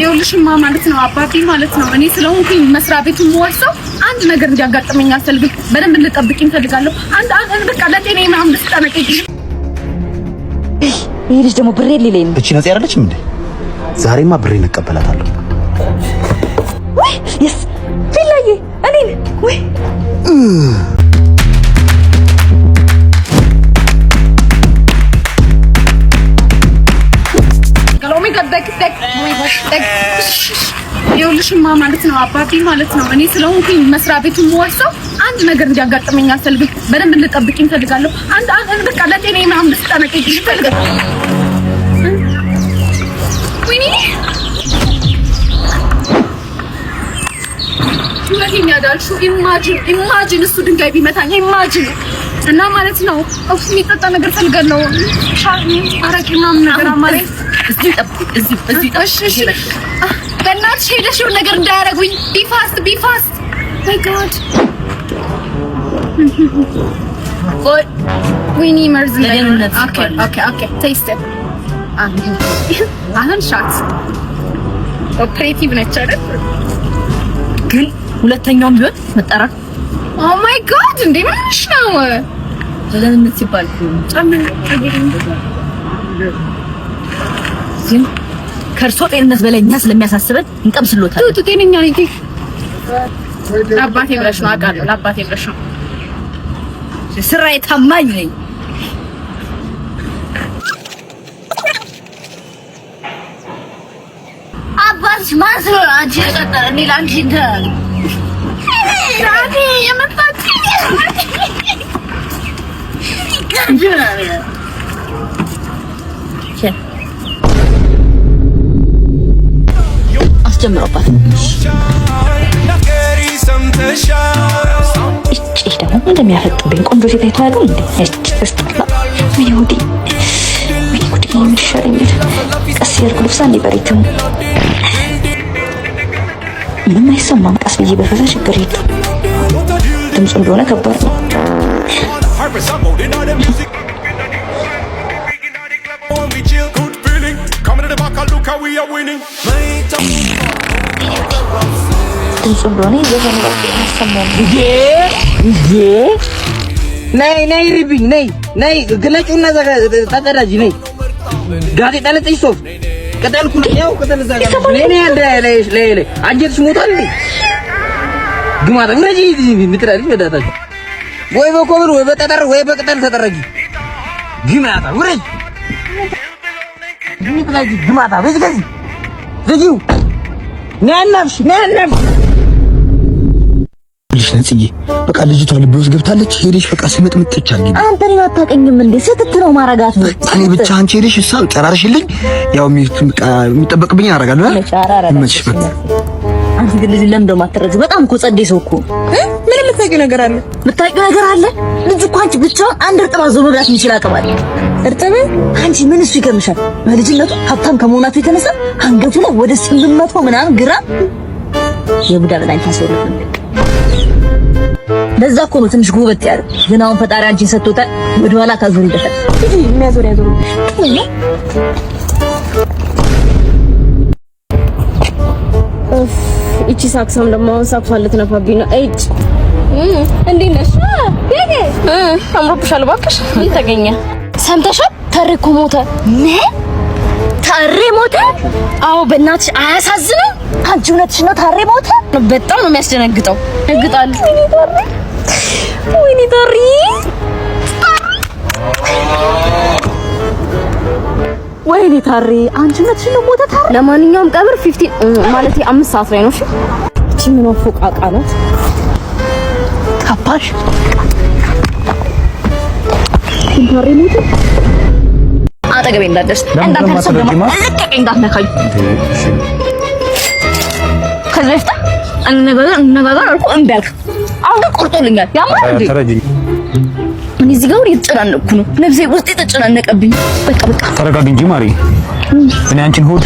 ይኸውልሽማ ማለት ነው አባቴ ማለት ነው እኔ ስለሆንኩኝ መስሪያ ቤቱን የምወርሰው አንድ ነገር እንዲያጋጥመኝ አልፈልግም። በደንብ እንድጠብቂኝ እፈልጋለሁ። አንድ አንድ በቃ ለጤኔ ምናምን ብትጠነቀቂ። ይሄ ልጅ ደግሞ ብሬ ሌለኝ ነው። እቺ ነጽ አይደለችም እንዴ? ዛሬማ ብሬን እቀበላታለሁ። ወይ የስ ሌላዬ እኔን ወይ ነው አባቴ ማለት ነው። እኔ ስለሆንኩኝ መስሪያ ቤቱን የምወርሰው አንድ ነገር እንዲያጋጥመኝ አልፈልግም። በደንብ እንድጠብቅ እንፈልጋለሁ። አንድ አንድ በቃ ለጤና ምናምን እንድትጠነቀቅ ይፈልጋል። ወይኔ ሁለቴን ያዳልሽው። ኢማጂን ኢማጂን፣ እሱ ድንጋይ ቢመታኝ ኢማጂን እና ማለት ነው እሱ የሚጠጣ ነገር ፈልጋለሁ። ሻርኒ አረቂ ምናምን ነገር ማለት እዚህ ጠብቁ፣ እዚህ እዚህ እሺ አንቺ ሄደሽውን ነገር እንዳያደርጉኝ። ቢፋስት ቢፋስት ማይ ጋድ ወይኔ መርዝ አሁን ሻት ኦፕሬቲቭ ነች አይደል? ግን ሁለተኛውም ቢሆን መጠራት ኦ ማይ ጋድ እንዴ ምንሽ ነው? ለምን ሲባል ከእርሶ ጤንነት በላይ እኛ ስለሚያሳስበን እንቀምስሎታል። ቱ ጤነኛ ነኝ። አባቴ ብለሽ ነው አውቃለሁ። ለአባቴ ብለሽ ነው ስራዬ ታማኝ ነኝ። አባትሽ ማን ስለሆነ አንቺ የቀጠረ እኔ ለአንቺ እንደ የመጣች አስጀምሮባት እጭ ደግሞ እንደሚያፈጥብኝ ቆንጆ ሴት አይተዋል እንዴ? እጭ ስጠላ ምን ይሁዲ ምን ጉድ የምትሸረኝል ቀስ ያልኩ ልብሳ እንዲበሬት ምንም አይሰማም። ቀስ ብዬ በፈዛ ችግር የለ ድምፁ እንደሆነ ከባድ ነው። we are winning. ንጹህ እንደሆነ የዘፈኑ ራሱ አሰማሁም። ነይ ነይ ሪብኝ ነይ ነይ ግለጩና ተቀዳጅ ነይ ጋዜ ጠለጥሽ ሶፍ ቅጠል ኩል ያው ቅጠል ነይ ነይ ያለ ላይ አንጀትሽ ሞቷል። ግማታ ውረጂ ምትራልሽ በዳታችሁ ወይ በኮብር ወይ በጠጠር ወይ በቅጠል ተጠረጊ። ግማታ ውረጂ ግማታ በዚህ ከዚህ ዝጊው ነይ አናፍሽ ነይ አናፍሽ ነጽዬ፣ በቃ ልጅቷ ልቤ ውስጥ ገብታለች። ሄደሽ በቃ ስምጥምጥች አድርጊ። አንተ እኔን አታውቀኝም እንዴ? ስትት ነው ማረጋት ነው እኔ ብቻ። አንቺ ሄደሽ እሷ ጨራርሽልኝ፣ ያው የሚጠበቅብኝ አረጋለሁ። ይመችሽ። በቃ አንቺ ግን ልጅ ለምን ደማ አትረጅ? በጣም እኮ ጸዴ ሰው እኮ ምን የምታውቂው ነገር አለ? የምታውቂው ነገር አለ? ልጅ እኮ አንቺ ብቻውን አንድ እርጥብ አዞ መብላት የሚችል አቅም አለ። እርጥብ አንቺ ምን እሱ ይገርምሻል። በልጅነቱ ሀብታም ከመሆናቱ የተነሳ አንገቱ ላይ ወደ ስምንት መቶ ምናምን ግራም የቡዳ በላይ ታሰሩት ለዛ እኮ ነው ትንሽ ጉበት ያለው። ግን አሁን ፈጣሪ አንቺን ሰጥቶታል። ወደ ኋላ ካዞር ይደፋል። የሚያዞር ያዞር። እቺ ሳክሳም ደግሞ አሁን ሳክሷን ልትነፋብኝ ነው። እጭ እንዴት ነሽ? አምሮብሻል። እባክሽ ምን ተገኘ? ሰምተሻል? ተሬ እኮ ሞተ። ምን ተሬ ሞተ? አዎ በእናትሽ አያሳዝንም? አንቺ እውነትሽ ነው? ታሬ ሞተ። በጣም ነው የሚያስደነግጠው። ደግጣል። ወይኔ ታሬ ወይኔ ታሬ አንቺ እውነትሽ ነው? ሞተ ታሪ። ለማንኛውም ቀብር 15 ማለት አምስት ሰዓት ላይ ነው። እሺ እቺ ምን ፎቃቃ ናት? ካባሽ ታሪ ሞተ። አጠገቤ እንዳትደርስ እንዳትነካኝ። ከዚህ በፊት አነጋገር አነጋገር አልኩህ እምቢ አልክ። አሁን ግን ቆርጦልኛል። ያማል እንዴ? እዚህ ጋር እየተጨናነቅኩ ነው። ነፍሴ ውስጤ ተጨናነቀብኝ። በቃ በቃ ተረጋግ እንጂ ማሪ። እኔ አንቺን ሆድ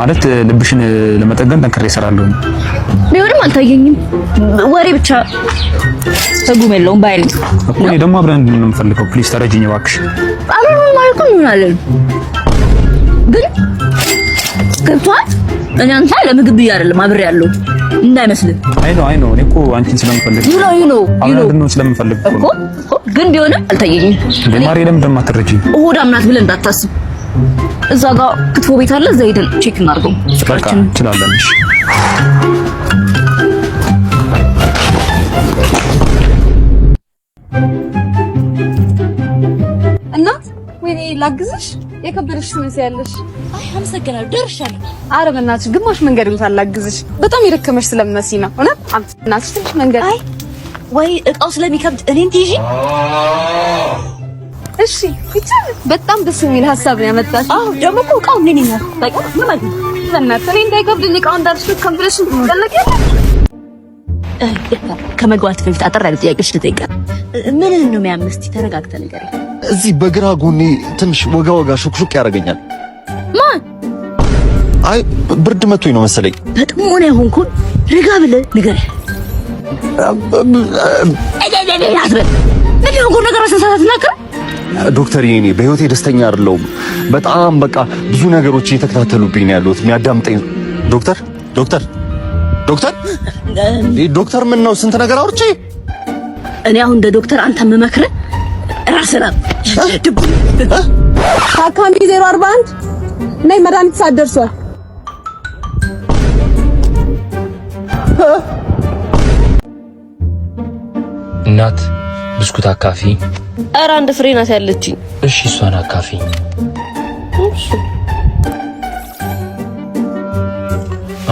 ማለት ልብሽን ለመጠገን ጠንክሬ እሰራለሁ። ቢሆንም አልታየኝም። ወሬ ብቻ ትርጉም የለውም ባይል እኮ እኔ ደግሞ አብረን ነው የምፈልገው። ፕሊዝ ተረጅኝ እባክሽ። አብረን ማለት ምን ማለት ግን ገብቶሃል? እኔ አንተ ለምግብ ብዬ አይደለም አብሬ ያለው እንዳይመስልህ። አይ ነው አይ ነው። እኔ እኮ አንቺን ስለምፈልግ ዩ ነው ዩ ነው ዩ ነው ስለምፈልግ እኮ ግን ቢሆንም አልታየኝም። ለማሪ ለምን እንደማትረጂ እሁድ አምናት ብለን እንዳታስብ። እዛ ጋር ክትፎ ቤት አለ፣ እዛ ሄደን ቼክ እናድርገው። ፍቅራችን እንችላለን። እሺ እናት፣ ወይኔ ላግዝሽ የከበደሽ ምን ሲያለሽ? አይ አመሰግናለሁ፣ ደርሻለሁ። ኧረ በእናትሽ ግማሽ መንገድ እንኳን በጣም የደከመሽ ስለምትመስይ ነው። እውነት እናትሽ ትንሽ መንገድ አይ ወይ እቃው ስለሚከብድ እኔን ትይዢ። እሺ ይቻላል። በጣም ደስ የሚል ሀሳብ ነው ያመጣሽ። አዎ ደግሞ እኮ እቃው ምን ይኛል በቃ ምን ማለት ነው? እናትሽ እኔ እንዳይከብድኝ እቃው እንዳልሽ ከብደሽ ተለቀቀ ከመግባት በፊት አጠር ያለ ጥያቄዎች ልጠይቃት። ምን ነው የሚያምስ? ተረጋግተ ነገር እዚህ በግራ ጎኔ ትንሽ ወጋ ወጋ ሹክሹክ ያደርገኛል። ማን? አይ ብርድ መቶኝ ነው መሰለኝ። በጣም ሆነ የሆንኩን ረጋ ብለህ ንገረኝ። ዶክተር ይኔ በህይወቴ ደስተኛ አይደለሁም። በጣም በቃ ብዙ ነገሮች እየተከታተሉብኝ ነው ያሉት። የሚያዳምጠኝ ዶክተር ዶክተር ዶክተር ዶክተር ምን ነው ስንት ነገር አውርቼ እኔ አሁን እንደ ዶክተር አንተ መመክረ ራስና ታካሚ 041 ነይ መድኃኒት ሰዓት እናት ብስኩት አካፊ። ኧረ አንድ ፍሬ ናት ያለችኝ። እሺ እሷን አካፊ። እሺ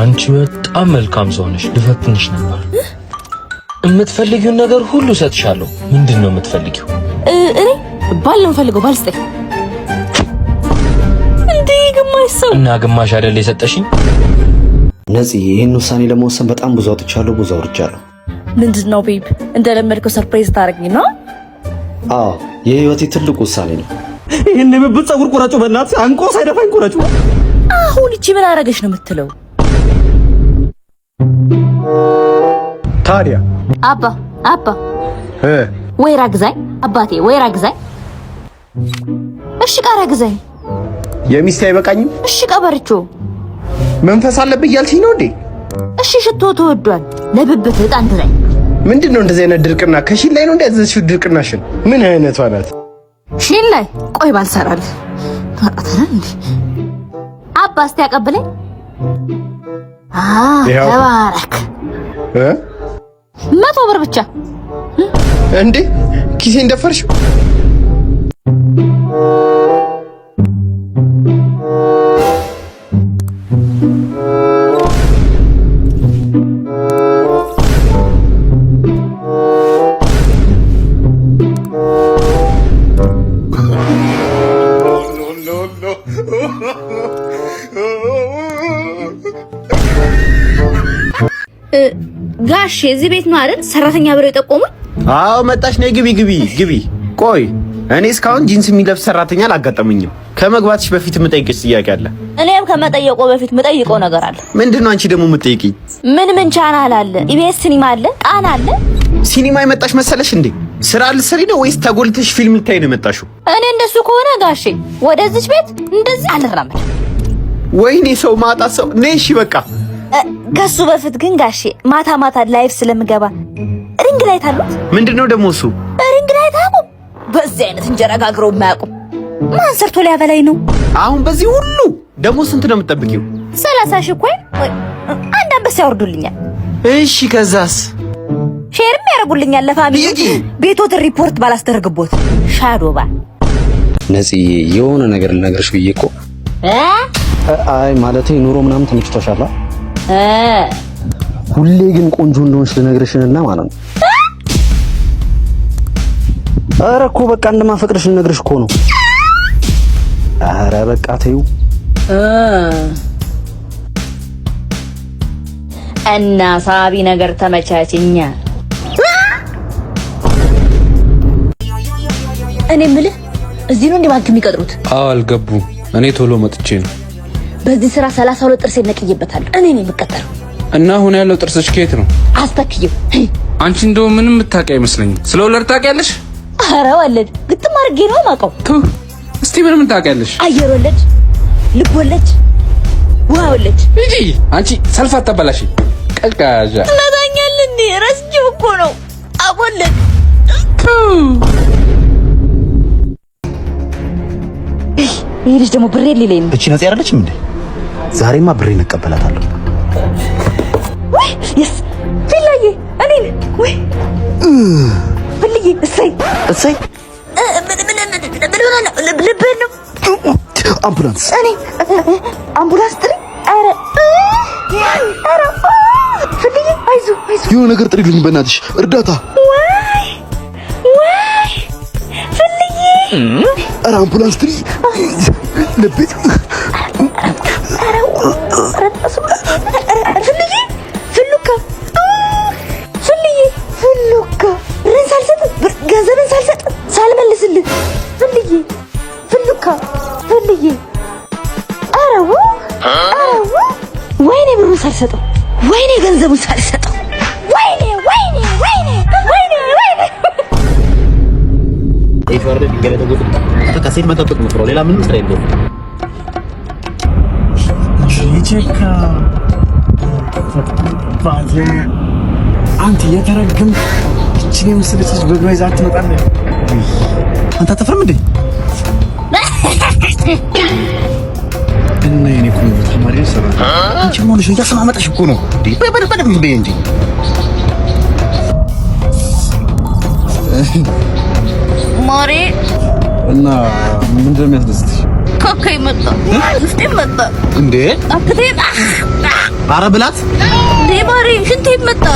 አንቺ በጣም መልካም ሰው ነሽ። ልፈትንሽ ነበር። የምትፈልጊውን ነገር ሁሉ እሰጥሻለሁ። ምንድን ነው የምትፈልጊው? እኔ ባል ነው የምፈልገው። ባል ስጠኝ። እንዴ ግማሽ ሰው እና ግማሽ አይደል የሰጠሽኝ? ነፂ፣ ይህን ውሳኔ ለመወሰን በጣም ብዙ አውጥቻለሁ፣ ብዙ አውርጃለሁ። ምንድን ነው ቤብ፣ እንደለመድከው ሰርፕራይዝ ታደርጊ ነው? አዎ የህይወቴ ትልቁ ውሳኔ ነው። ይህን የብብት ጸጉር ቁረጩ፣ በእናትህ አንቆ ሳይደፋኝ ቁረጩ። አሁን ይቺ ምን አረገች ነው የምትለው? ታዲያ አባ አባ እ ወይራ ግዛኝ አባቴ ወይራ ግዛኝ። እሺ ቃራ ግዛኝ። የሚስት አይበቃኝም። እሺ ቀበርቾ መንፈስ አለብህ እያልሽኝ ነው እንዴ? እሺ ሽቶ ተወዷል። ለብብት እጣን ትላይ ምንድን ነው እንደዚህ አይነት ድርቅና? ከሺን ላይ ነው እንዴ ያዘዝሽው? ድርቅናሽን ምን አይነቷ ናት? ሺን ላይ ቆይ ባልሰራል ታጣተና እንዴ አባ እስቲ ያቀብለኝ ተባረክ። መቶ ብር ብቻ እንዴ! ኪሴ እንደፈርሽ ጋሽ እዚህ ቤት ነው አይደል ሰራተኛ ብለው የጠቆሙኝ? አዎ መጣሽ፣ ነይ ግቢ፣ ግቢ፣ ግቢ። ቆይ እኔ እስካሁን ጂንስ የሚለብስ ሰራተኛ አላጋጠመኝም። ከመግባትሽ በፊት የምጠይቅሽ ጥያቄ አለ። እኔም ከመጠየቆ በፊት የምጠይቀው ነገር አለ። ምንድነው? አንቺ ደግሞ የምትጠይቂኝ? ምን ምን ቻናል አለ? ኢቢኤስ ሲኒማ አለ፣ ቃና አለ። ሲኒማ የመጣሽ መሰለሽ እንዴ? ስራ ልትሰሪ ነው ወይስ ተጎልተሽ ፊልም ልታይ ነው የመጣሽው? እኔ እንደሱ ከሆነ ጋሼ ወደዚች ቤት እንደዚህ አልራመድም። ወይኔ ሰው ማጣት ሰው ነሽ። በቃ ከሱ በፊት ግን ጋሼ ማታ ማታ ላይፍ ስለምገባ ሪንግ ላይት አሉት። ምንድነው ደግሞ እሱ ሪንግ ላይት አቁ። በዚህ አይነት እንጀራ ጋግረው የማያውቁ ማን ሰርቶ ሊያበላኝ ነው? አሁን በዚህ ሁሉ ደግሞ ስንት ነው የምትጠብቂው? ሰላሳ ሺህ እኮ አንድ አንበሳ ያወርዱልኛል። እሺ ከዛስ? ሼርም ያደርጉልኛል ለፋሚሊ ቤቶትን ሪፖርት ባላስደርግቦት ሻዶባ ነጽዬ የሆነ ነገር ልነግርሽ ብዬ እኮ አይ ማለቴ ኑሮ ምናምን ተመችቶሻል ሁሌ ግን ቆንጆ እንደሆንሽ ልነግርሽንና ማለት ነው። አረ እኮ በቃ እንደማፈቅርሽ ልነግርሽ እኮ ነው። አረ በቃ ተይው እና ሳቢ ነገር ተመቻችኛ። እኔ ምልህ እዚህ ነው እንደ ባንክ የሚቀጥሩት? አዎ አልገቡም። እኔ ቶሎ መጥቼ ነው በዚህ ስራ 32 ሁለት ጥርሴ ነቅዬበታለሁ። እኔ ነኝ የምቀጠረው። እና አሁን ያለው ጥርስሽ ከየት ነው? አስተክየው። አንቺ እንደው ምንም የምታውቂ አይመስለኝም። ስለ ወለድ ታውቂያለሽ? ኧረ ወለድ ግጥም አድርጌ ነው የማውቀው። እስቲ ምን ምን ታውቂያለሽ? አየር ወለድ፣ ልብ ወለድ፣ ውሃ ወለድ። እንጂ አንቺ ሰልፍ አታበላሽ። ቀልቃዣ ትመታኛል እንዴ? እኮ ነው አወለድ ይህ ልጅ ደግሞ ብሬ ሊለኝ ነው። እቺ ነጽ ያረለች እንዴ? ዛሬማ ብሬን እቀበላታለሁ። ወይ ይስ ቢላዬ እኔን ወይ ብልዬ እሰይ እሰይ ልብህን ነው አምቡላንስ እኔ አምቡላንስ ጥሪ። ኧረ ኧረ ፍልዬ አይዞህ አይዞህ፣ የሆነ ነገር ጥሪልኝ በእናትሽ እርዳታ። ወይ ወይ ፍልዬ ኧረ አምቡላንስ ጥሪ ልቤት ሲያስፈርድ ድንገት ተጎድቶ በቃ ሴት መጠበቅ ነው ሌላ ምንም ስራ የለውም። አንተ የተረግም እችን የመሰለች ልጅ በእግሯ ይዛ ትመጣለህ። አንተ አታፍርም እንዴ? እና የኔ ቆንጆ ተማሪ ሰራ አንቺ ሆነሽ እያሰማመጠሽ እኮ ነው እንዴ? ማሬ እና ምን ነው የሚያስደስትሽ? ኮካ ይመጣ ውስጤ መጣ እንዴ! አክቴ አረ ብላት እንዴ ማሬ ሽንቴ መጣ